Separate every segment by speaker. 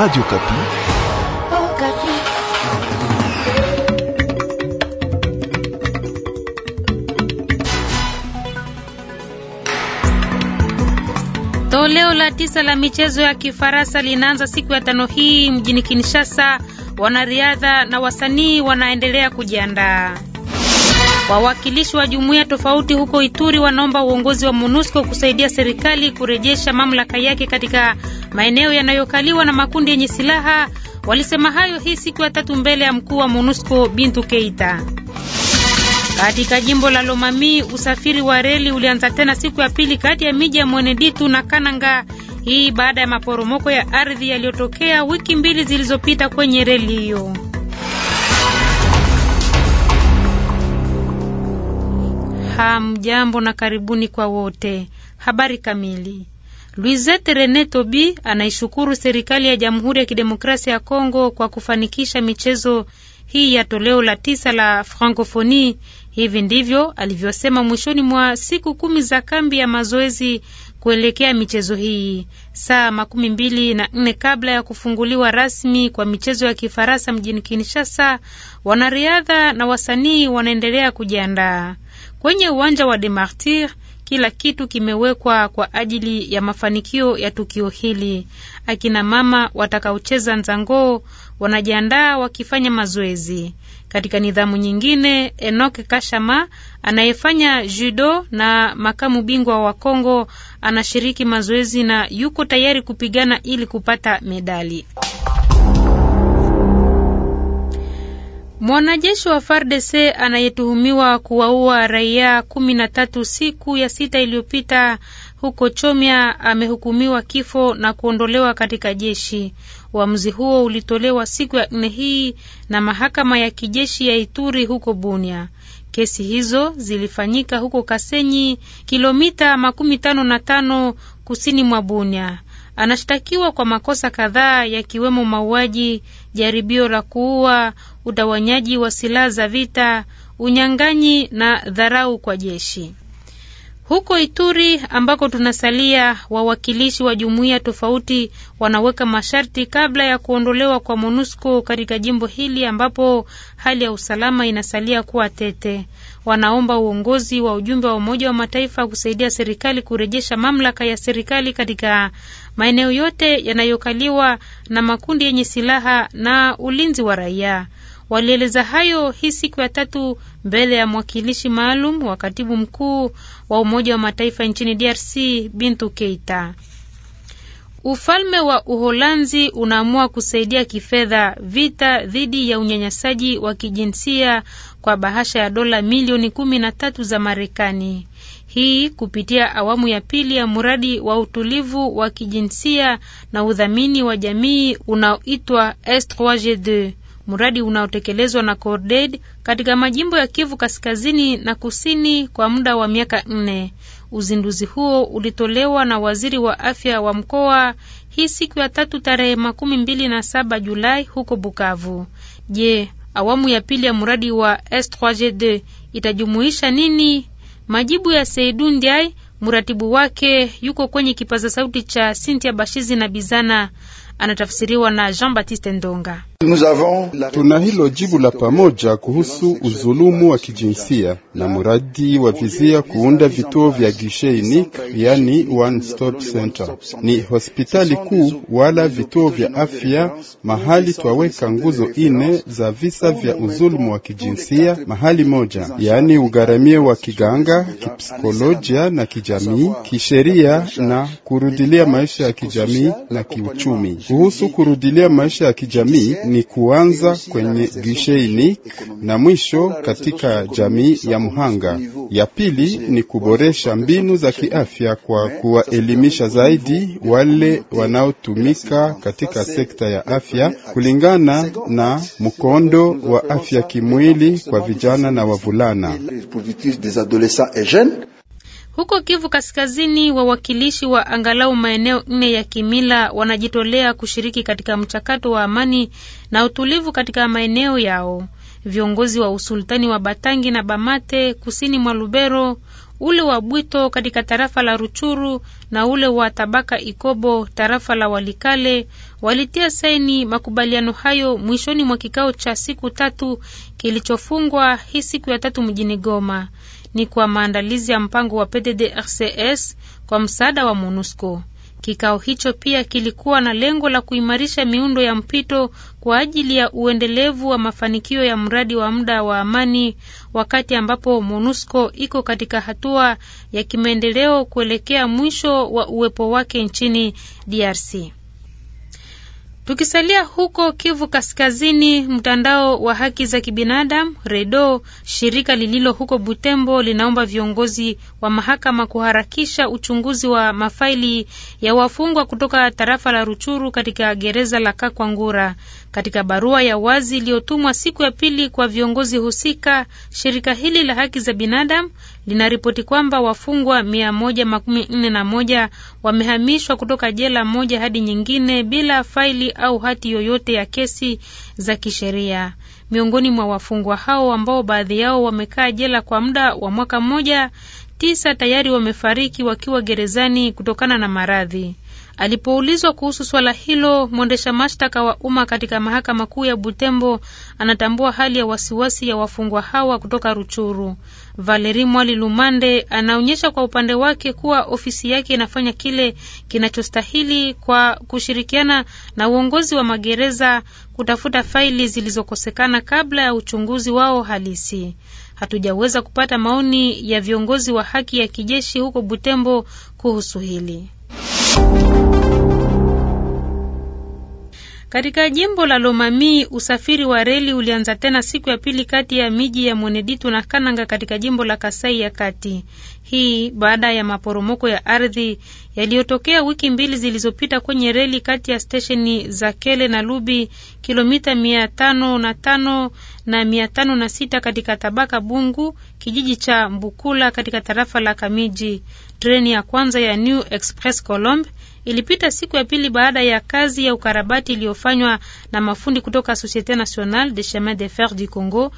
Speaker 1: Radio Kapi.
Speaker 2: Oh, Kapi.
Speaker 3: Toleo la tisa la michezo ya Kifaransa linaanza siku ya tano hii mjini Kinshasa. Wanariadha na wasanii wanaendelea kujiandaa. Wawakilishi wa jumuiya tofauti huko Ituri wanaomba uongozi wa MONUSCO kusaidia serikali kurejesha mamlaka yake katika maeneo yanayokaliwa na makundi yenye silaha. Walisema hayo hii siku ya tatu mbele ya mkuu wa MONUSCO Bintu Keita. Katika jimbo la Lomami, usafiri wa reli ulianza tena siku ya pili kati ya miji ya Mweneditu na Kananga, hii baada ya maporomoko ya ardhi yaliyotokea wiki mbili zilizopita kwenye reli hiyo. Hamjambo na karibuni kwa wote. Habari kamili. luisette Rene Tobi anaishukuru serikali ya Jamhuri ya Kidemokrasia ya Kongo kwa kufanikisha michezo hii ya toleo la tisa la Francophonie. Hivi ndivyo alivyosema mwishoni mwa siku kumi za kambi ya mazoezi kuelekea michezo hii, saa makumi mbili na nne kabla ya kufunguliwa rasmi kwa michezo ya Kifaransa mjini Kinshasa. Wanariadha na wasanii wanaendelea kujiandaa. Kwenye uwanja wa Demartir kila kitu kimewekwa kwa ajili ya mafanikio ya tukio hili. Akina mama watakaocheza nzango wanajiandaa wakifanya mazoezi. Katika nidhamu nyingine, enok Kashama anayefanya judo na makamu bingwa wa Kongo anashiriki mazoezi na yuko tayari kupigana ili kupata medali. Mwanajeshi wa FARDC anayetuhumiwa kuwaua raia kumi na tatu siku ya sita iliyopita huko chomia amehukumiwa kifo na kuondolewa katika jeshi. Uamuzi huo ulitolewa siku ya nne hii na mahakama ya kijeshi ya Ituri huko Bunia. Kesi hizo zilifanyika huko Kasenyi, kilomita makumi tano na tano kusini mwa Bunia. Anashtakiwa kwa makosa kadhaa yakiwemo mauaji, jaribio la kuua, utawanyaji wa silaha za vita, unyang'anyi na dharau kwa jeshi. Huko Ituri ambako tunasalia, wawakilishi wa jumuiya tofauti wanaweka masharti kabla ya kuondolewa kwa MONUSCO katika jimbo hili ambapo hali ya usalama inasalia kuwa tete. Wanaomba uongozi wa ujumbe wa Umoja wa Mataifa kusaidia serikali kurejesha mamlaka ya serikali katika maeneo yote yanayokaliwa na makundi yenye silaha na ulinzi wa raia. Walieleza hayo hii siku ya tatu mbele ya mwakilishi maalum wa katibu mkuu wa Umoja wa Mataifa nchini DRC Bintu Keita. Ufalme wa Uholanzi unaamua kusaidia kifedha vita dhidi ya unyanyasaji wa kijinsia kwa bahasha ya dola milioni kumi na tatu za Marekani. Hii kupitia awamu ya pili ya mradi wa utulivu wa kijinsia na udhamini wa jamii unaoitwa S3G2 mradi unaotekelezwa na cordaid katika majimbo ya Kivu kaskazini na kusini kwa muda wa miaka nne. Uzinduzi huo ulitolewa na waziri wa afya wa mkoa hii siku ya tatu tarehe makumi mbili na saba Julai huko Bukavu. Je, awamu ya pili ya mradi wa s 3 gd itajumuisha nini? Majibu ya Seidu Ndiai, mratibu wake, yuko kwenye kipaza sauti cha Sintia Bashizi na Bizana, anatafsiriwa na Jean Baptiste Ndonga.
Speaker 1: Tuna hilo jibu la pamoja kuhusu uzulumu wa kijinsia na muradi wa vizia kuunda vituo vya gishe unique, yani one stop center. Ni hospitali kuu wala vituo vya afya mahali twaweka nguzo ine za visa vya uzulumu wa kijinsia mahali moja, yani ugharamie wa kiganga, kipsikolojia na kijamii, kisheria na kurudilia maisha ya kijamii na kiuchumi. Kuhusu kurudilia maisha ya kijamii ni kuanza kwenye gisheini na mwisho katika jamii ya Muhanga. Ya pili ni kuboresha mbinu za kiafya kwa kuwaelimisha zaidi wale wanaotumika katika sekta ya afya kulingana na mkondo wa afya kimwili kwa vijana na wavulana.
Speaker 3: Huko Kivu Kaskazini, wawakilishi wa angalau maeneo nne ya kimila wanajitolea kushiriki katika mchakato wa amani na utulivu katika maeneo yao. Viongozi wa usultani wa Batangi na Bamate kusini mwa Lubero, ule wa Bwito katika tarafa la Ruchuru na ule wa Tabaka Ikobo tarafa la Walikale walitia saini makubaliano hayo mwishoni mwa kikao cha siku tatu kilichofungwa hii siku ya tatu mjini Goma ni kwa maandalizi ya mpango wa PDDRCS kwa msaada wa MONUSCO. Kikao hicho pia kilikuwa na lengo la kuimarisha miundo ya mpito kwa ajili ya uendelevu wa mafanikio ya mradi wa muda wa amani wakati ambapo MONUSCO iko katika hatua ya kimaendeleo kuelekea mwisho wa uwepo wake nchini DRC. Tukisalia huko Kivu Kaskazini, mtandao wa haki za kibinadamu REDO, shirika lililo huko Butembo, linaomba viongozi wa mahakama kuharakisha uchunguzi wa mafaili ya wafungwa kutoka tarafa la Ruchuru katika gereza la Kakwangura. Katika barua ya wazi iliyotumwa siku ya pili kwa viongozi husika, shirika hili la haki za binadamu linaripoti kwamba wafungwa 141 wamehamishwa kutoka jela moja hadi nyingine bila faili au hati yoyote ya kesi za kisheria. Miongoni mwa wafungwa hao ambao baadhi yao wamekaa jela kwa muda wa mwaka mmoja, tisa tayari wamefariki wakiwa gerezani kutokana na maradhi. Alipoulizwa kuhusu swala hilo, mwendesha mashtaka wa umma katika mahakama kuu ya Butembo anatambua hali ya wasiwasi ya wafungwa hawa kutoka Ruchuru. Valeri Mwali Lumande anaonyesha kwa upande wake kuwa ofisi yake inafanya kile kinachostahili kwa kushirikiana na uongozi wa magereza kutafuta faili zilizokosekana kabla ya uchunguzi wao halisi. Hatujaweza kupata maoni ya viongozi wa haki ya kijeshi huko Butembo kuhusu hili. Katika jimbo la Lomami usafiri wa reli ulianza tena siku ya pili kati ya miji ya Mweneditu na Kananga katika jimbo la Kasai ya Kati. Hii baada ya maporomoko ya ardhi yaliyotokea wiki mbili zilizopita kwenye reli kati ya stesheni za Kele na Lubi, kilomita mia tano na tano na mia tano na sita katika tabaka Bungu, kijiji cha Mbukula katika tarafa la Kamiji. Treni ya kwanza ya New Express Colombe ilipita siku ya pili baada ya kazi ya ukarabati iliyofanywa na mafundi kutoka Societe Nationale de Chemin de Fer du Congo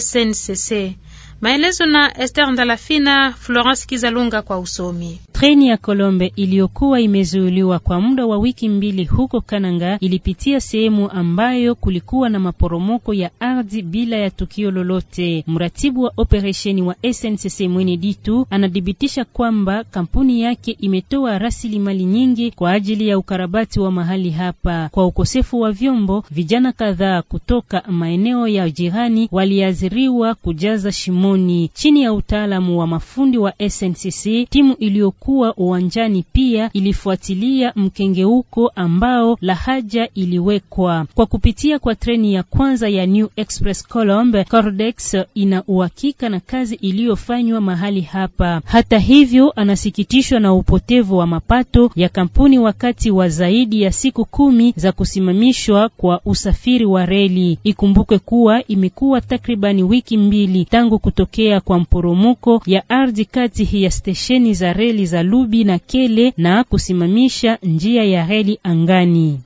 Speaker 3: SNCC. Maelezo na Esther Ndalafina, Florence Kizalunga
Speaker 2: kwa usomi. Treni ya Kolombe iliyokuwa imezuiliwa kwa muda wa wiki mbili huko Kananga ilipitia sehemu ambayo kulikuwa na maporomoko ya ardhi bila ya tukio lolote. Mratibu wa operesheni wa SNCC Mwene Ditu anadhibitisha kwamba kampuni yake imetoa rasilimali nyingi kwa ajili ya ukarabati wa mahali hapa. Kwa ukosefu wa vyombo, vijana kadhaa kutoka maeneo ya jirani waliathiriwa kujaza shimo Moni. Chini ya utaalamu wa mafundi wa SNCC, timu iliyokuwa uwanjani pia ilifuatilia mkengeuko ambao lahaja iliwekwa kwa kupitia kwa treni ya kwanza ya New Express Colombe. Cordex ina uhakika na kazi iliyofanywa mahali hapa. Hata hivyo, anasikitishwa na upotevu wa mapato ya kampuni wakati wa zaidi ya siku kumi za kusimamishwa kwa usafiri wa reli. Ikumbukwe kuwa imekuwa takribani wiki mbili tangu kutokea kwa mporomoko ya ardhi kati ya stesheni za reli za Lubi na Kele na kusimamisha njia ya reli angani.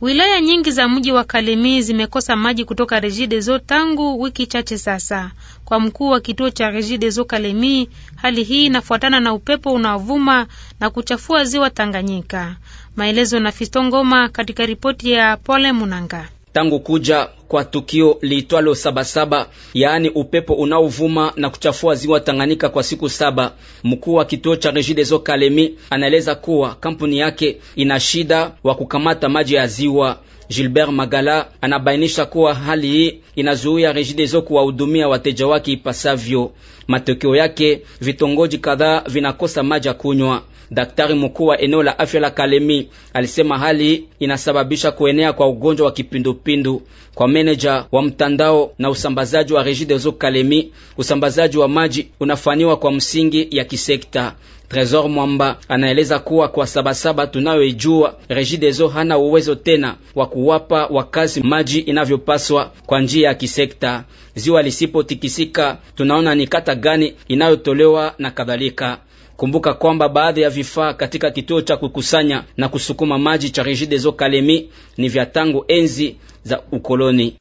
Speaker 3: Wilaya nyingi za mji wa Kalemi zimekosa maji kutoka Regideso tangu wiki chache sasa. Kwa mkuu wa kituo cha Regideso Kalemi, hali hii inafuatana na upepo unaovuma na kuchafua ziwa Tanganyika. Maelezo na Fiston Ngoma katika ripoti ya Pole Munanga.
Speaker 4: Tangu kuja kwa tukio liitwalo Sabasaba, yaani upepo unaovuma na kuchafua ziwa Tanganyika kwa siku saba. Mkuu wa kituo cha Regideso Kalemi anaeleza kuwa kampuni yake ina shida wa kukamata maji ya ziwa. Gilbert Magala anabainisha kuwa hali hii inazuia Regideso kuwahudumia wateja wake ipasavyo. Matokeo yake vitongoji kadhaa vinakosa maji ya kunywa. Daktari mkuu wa eneo la afya la Kalemi alisema hali inasababisha kuenea kwa ugonjwa wa kipindupindu. Kwa meneja wa mtandao na usambazaji wa Regideso Kalemi, usambazaji wa maji unafanywa kwa msingi ya kisekta. Tresor Mwamba anaeleza kuwa kwa Sabasaba tunayoijua, Regideso hana uwezo tena wa kuwapa wakazi maji inavyopaswa kwa njia ya kisekta. Ziwa lisipotikisika, tunaona ni kata gani inayotolewa na kadhalika. Kumbuka kwamba baadhi ya vifaa katika kituo cha kukusanya na kusukuma maji cha Regideso Kalemi ni vya tangu enzi za ukoloni.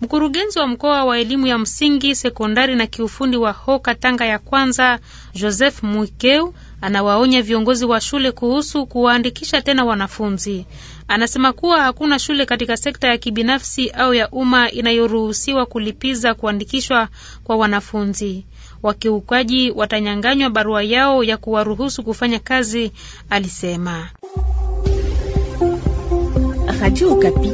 Speaker 3: Mkurugenzi wa mkoa wa elimu ya msingi, sekondari na kiufundi wa hoka tanga ya kwanza Joseph Mwikeu anawaonya viongozi wa shule kuhusu kuwaandikisha tena wanafunzi. Anasema kuwa hakuna shule katika sekta ya kibinafsi au ya umma inayoruhusiwa kulipiza kuandikishwa kwa wanafunzi. Wakiukaji watanyang'anywa barua yao ya kuwaruhusu kufanya kazi, alisema. Radio Okapi.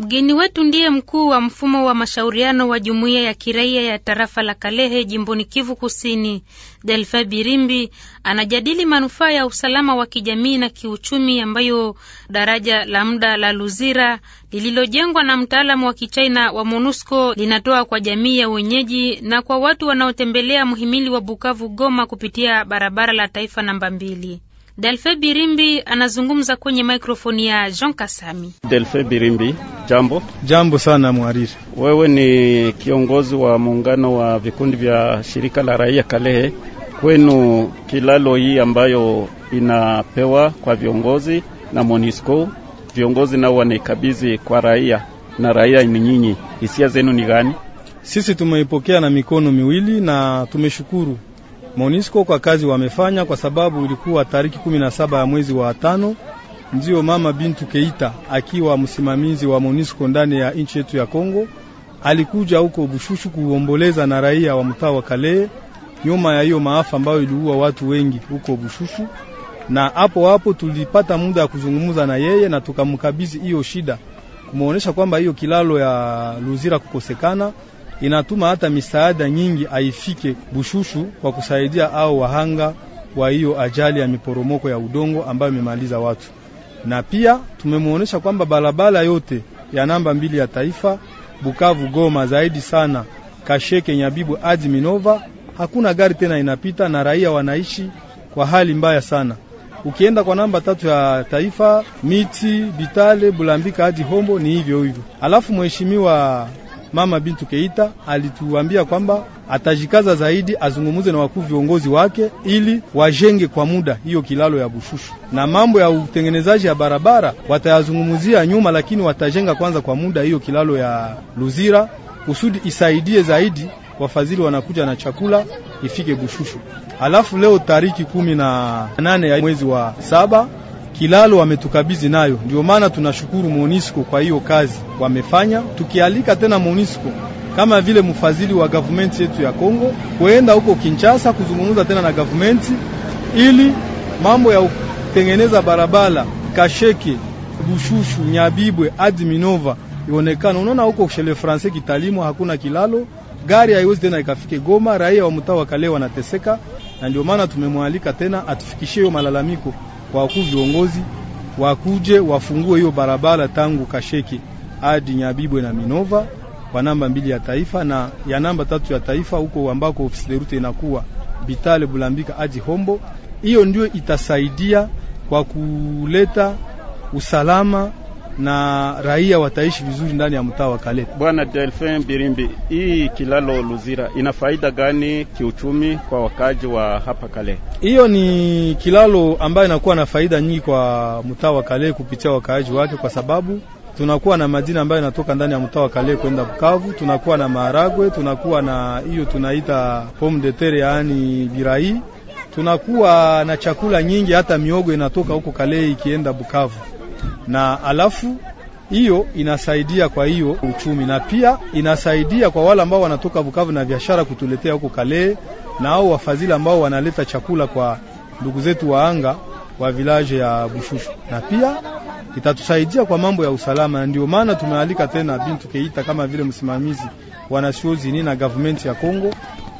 Speaker 3: Mgeni wetu ndiye mkuu wa mfumo wa mashauriano wa jumuiya ya kiraia ya tarafa la Kalehe jimboni Kivu Kusini. Delfa Birimbi anajadili manufaa ya usalama wa kijamii na kiuchumi ambayo daraja la muda la Luzira lililojengwa na mtaalamu wa Kichina wa MONUSCO linatoa kwa jamii ya wenyeji na kwa watu wanaotembelea mhimili wa Bukavu Goma kupitia barabara la taifa namba mbili. Delfe Birimbi anazungumza kwenye mikrofoni ya Jean Kasami.
Speaker 1: Delfe Birimbi, jambo.
Speaker 5: Jambo sana mwariri.
Speaker 1: Wewe ni kiongozi wa muungano wa vikundi vya shirika la raia Kalehe. Kwenu kilalo hii ambayo inapewa kwa viongozi na Monisco, viongozi nao wanaikabidhi
Speaker 5: kwa raia na raia ni nyinyi, hisia zenu ni gani? Sisi tumeipokea na mikono miwili na tumeshukuru Monisco kwa kazi wamefanya, kwa sababu ilikuwa tariki 17 ya mwezi wa tano ndiyo mama Bintu Keita akiwa msimamizi wa Monisco ndani ya nchi yetu ya Kongo alikuja huko Bushushu kuomboleza na raia wa mtaa wa Kale nyuma ya hiyo maafa ambayo iliua watu wengi huko Bushushu, na hapo hapo tulipata muda ya kuzungumza na yeye na tukamkabidhi hiyo shida, kumuonesha kwamba hiyo kilalo ya Luzira kukosekana inatuma hata misaada nyingi haifike Bushushu kwa kusaidia ao wahanga wa hiyo ajali ya miporomoko ya udongo ambayo imemaliza watu, na pia tumemwonyesha kwamba barabara yote ya namba mbili ya taifa Bukavu Goma, zaidi sana Kasheke Nyabibu hadi Minova, hakuna gari tena inapita na raia wanaishi kwa hali mbaya sana. Ukienda kwa namba tatu ya taifa miti Bitale Bulambika hadi Hombo ni hivyo hivyo. Alafu mheshimiwa Mama Bintu Keita alituambia kwamba atajikaza zaidi azungumuze na wakuu viongozi wake ili wajenge kwa muda hiyo kilalo ya Bushushu, na mambo ya utengenezaji ya barabara watayazungumuzia nyuma, lakini watajenga kwanza kwa muda hiyo kilalo ya Luzira kusudi isaidie zaidi wafadhili wanakuja na chakula ifike Bushushu. Alafu leo tariki kumi na nane ya mwezi wa saba kilalo wametukabidhi nayo. Ndio maana tunashukuru Monisco kwa hiyo kazi wamefanya, tukialika tena Monisco kama vile mfadhili wa gavumenti yetu ya Kongo kuenda huko Kinshasa kuzungumza tena na gavumenti ili mambo ya kutengeneza barabara Kasheke, Bushushu, Nyabibwe hadi Minova ionekana. Unaona huko shele Francais kitalimwa hakuna kilalo, gari haiwezi tena ikafike Goma, raia wa mtaa wa Kale wanateseka, na ndio maana tumemwalika tena atufikishie hiyo malalamiko kwa wakuu viongozi wakuje wafungue hiyo barabara tangu Kasheke hadi Nyabibwe na Minova kwa namba mbili ya taifa na ya namba tatu ya taifa huko ambako ofisi de inakuwa Bitale Bulambika hadi Hombo. Hiyo ndio itasaidia kwa kuleta usalama na raia wataishi vizuri ndani ya mtaa wa Kale.
Speaker 1: Bwana Delfin Birimbi, hii kilalo Luzira ina faida gani kiuchumi kwa wakaji wa hapa Kale?
Speaker 5: Hiyo ni kilalo ambayo inakuwa na faida nyingi kwa mtaa wa Kale kupitia wakaaji wake, kwa sababu tunakuwa na madini ambayo yanatoka ndani ya mtaa wa Kale kwenda Bukavu, tunakuwa na maharagwe, tunakuwa na hiyo tunaita pomme de terre, yaani birai, tunakuwa na chakula nyingi, hata miogo inatoka huko Kale ikienda Bukavu na alafu hiyo inasaidia kwa hiyo uchumi na pia inasaidia kwa wale ambao wanatoka Bukavu na biashara kutuletea huko Kale, na au wafadhili ambao wanaleta chakula kwa ndugu zetu wa anga wa vilaje ya Bushushu, na pia itatusaidia kwa mambo ya usalama. Ndio maana tumealika tena Bintu Keita kama vile msimamizi wanasiozini na gavumenti ya Kongo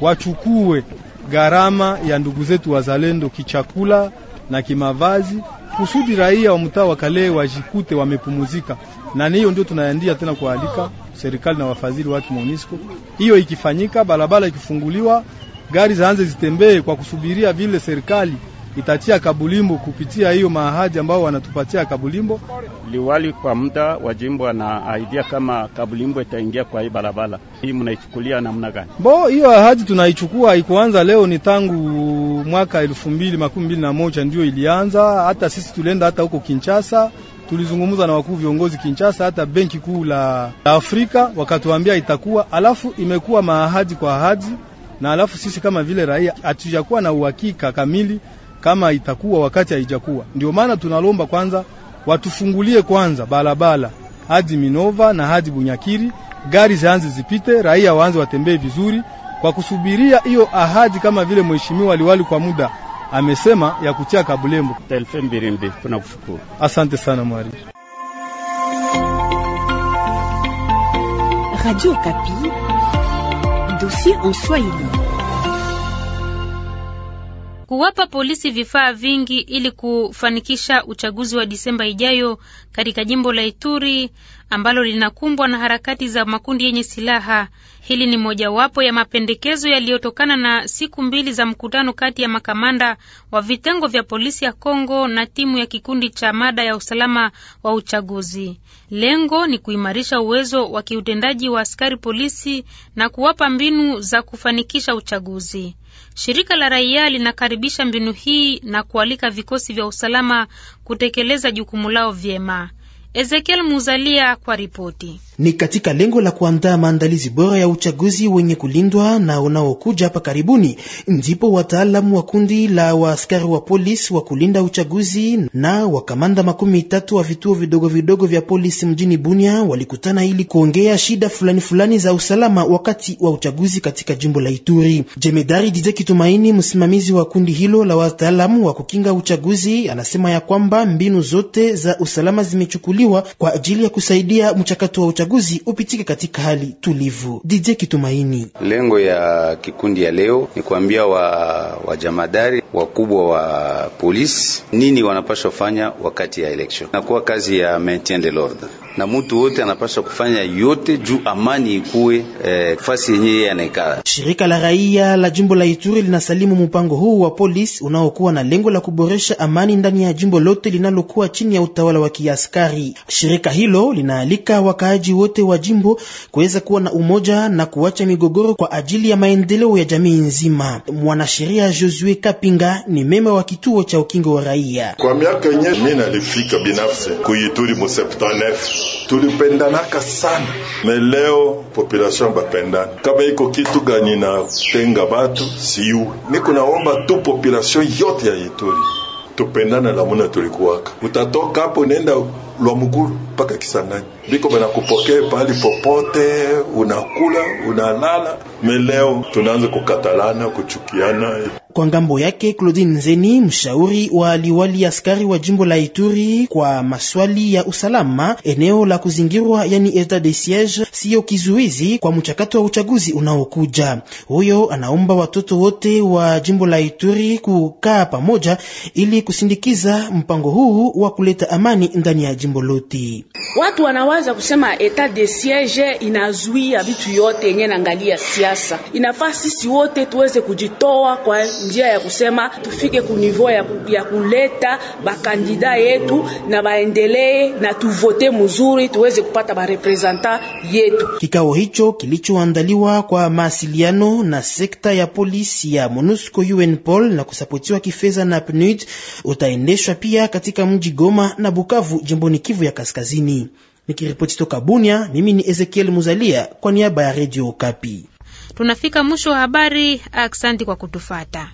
Speaker 5: wachukue gharama ya ndugu zetu wazalendo kichakula na kimavazi kusudi raia wa mtaa wa Kale wajikute wamepumuzika, na hiyo ndio tunaandia tena kualika serikali na wafadhili wake MONUSCO. Hiyo ikifanyika, barabara ikifunguliwa, gari zaanze zitembee kwa kusubiria vile serikali itatia Kabulimbo kupitia hiyo maahadi ambao wanatupatia Kabulimbo.
Speaker 1: Liwali kwa muda wa jimbo aidia kama Kabulimbo itaingia kwa hii barabara hii, mnaichukulia namna gani?
Speaker 5: Bo, hiyo ahadi tunaichukua, ikuanza leo, ni tangu mwaka elfu mbili makumi mbili na moja ndio ilianza. Hata sisi tulienda hata huko Kinshasa tulizungumza na wakuu viongozi Kinshasa, hata benki kuu la Afrika wakatuambia itakuwa, alafu imekuwa maahadi kwa ahadi na alafu sisi kama vile raia hatujakuwa na uhakika kamili kama itakuwa wakati haijakuwa. Ndio maana tunalomba kwanza watufungulie kwanza barabara hadi Minova na hadi Bunyakiri, gari zianze zipite, raia waanze watembee vizuri, kwa kusubiria hiyo ahadi kama vile mheshimiwa aliwali kwa muda amesema ya kutia Kabulembo. Tunakushukuru, asante sana mwari.
Speaker 2: Radio Kapi, dossier en Swahili
Speaker 3: kuwapa polisi vifaa vingi ili kufanikisha uchaguzi wa Disemba ijayo katika jimbo la Ituri ambalo linakumbwa na harakati za makundi yenye silaha. Hili ni mojawapo ya mapendekezo yaliyotokana na siku mbili za mkutano kati ya makamanda wa vitengo vya polisi ya Kongo na timu ya kikundi cha mada ya usalama wa uchaguzi. Lengo ni kuimarisha uwezo wa kiutendaji wa askari polisi na kuwapa mbinu za kufanikisha uchaguzi. Shirika la raia linakaribisha mbinu hii na kualika vikosi vya usalama kutekeleza jukumu lao vyema. Ezekiel Muzalia kwa ripoti.
Speaker 6: Ni katika lengo la kuandaa maandalizi bora ya uchaguzi wenye kulindwa na unaokuja hapa karibuni, ndipo wataalamu wa kundi la waaskari wa polisi wa kulinda uchaguzi na wakamanda makumi tatu wa vituo vidogo vidogo vya polisi mjini Bunia walikutana ili kuongea shida fulani fulani za usalama wakati wa uchaguzi katika jimbo la Ituri. Jemedari Dideki Tumaini, msimamizi wa kundi hilo la wataalamu wa kukinga uchaguzi, anasema ya kwamba mbinu zote za usalama zimechukuliwa kuchaguliwa kwa ajili ya kusaidia mchakato wa uchaguzi upitike katika hali tulivu. DJ Kitumaini,
Speaker 5: lengo ya kikundi ya leo ni kuambia wa, wa jamadari wakubwa wa polisi nini wanapaswa fanya wakati ya election, kuwa kazi ya maintien de l'ordre, na mtu wote anapaswa kufanya yote juu amani ikuwe eh, fasi yenye yeye anaikaa.
Speaker 6: Shirika la raia la jimbo la Ituri linasalimu mpango huu wa polisi unaokuwa na lengo la kuboresha amani ndani ya jimbo lote linalokuwa chini ya utawala wa kiaskari. Shirika hilo linaalika wakaaji wote wa jimbo kuweza kuwa na umoja na kuacha migogoro kwa ajili ya maendeleo ya jamii nzima. Mwanasheria Josue Kapinga ni mema wa kituo cha ukingo wa raia.
Speaker 1: Kwa miaka yenyewe mimi nalifika binafsi kuituri mu 79 tulipendanaka sana, na leo population bapendana kama iko kitu gani na tenga batu siu, niko naomba tu population yote ya Ituri tupendana, lamuna tulikuwaka, utatoka hapo nenda Lwamuguru mpaka Kisangani, biko banakupokea pahali popote, unakula unalala. Meleo tunaanza kukatalana, kuchukiana
Speaker 6: kwa ngambo yake Claudine Nzeni, mshauri wa liwali askari wa jimbo la Ituri kwa maswali ya usalama, eneo la kuzingirwa yani etat de siege siyo kizuizi kwa mchakato wa uchaguzi unaokuja. Huyo anaomba watoto wote wa jimbo la Ituri kukaa pamoja ili kusindikiza mpango huu wa kuleta amani ndani ya jimbo lote.
Speaker 2: Watu wanawaza
Speaker 4: kusema etat de siege inazuia vitu yote yenye naangalia siasa. Inafaa sisi wote tuweze kujitoa kwa njia ya kusema tufike kunivou ya, ya kuleta bakandida yetu na baendelee na tuvote mzuri tuweze kupata barepresenta yetu.
Speaker 6: Kikao hicho kilichoandaliwa kwa maasiliano na sekta ya polisi ya MONUSCO UNPOL na kusapotiwa kifedha na PNUD utaendeshwa pia katika mji Goma na Bukavu jimboni Kivu ya Kaskazini. Nikiripoti toka Bunia, mimi ni Ezekiel Muzalia kwa niaba ya Radio Kapi.
Speaker 3: Tunafika mwisho wa habari. Asante kwa kutufata.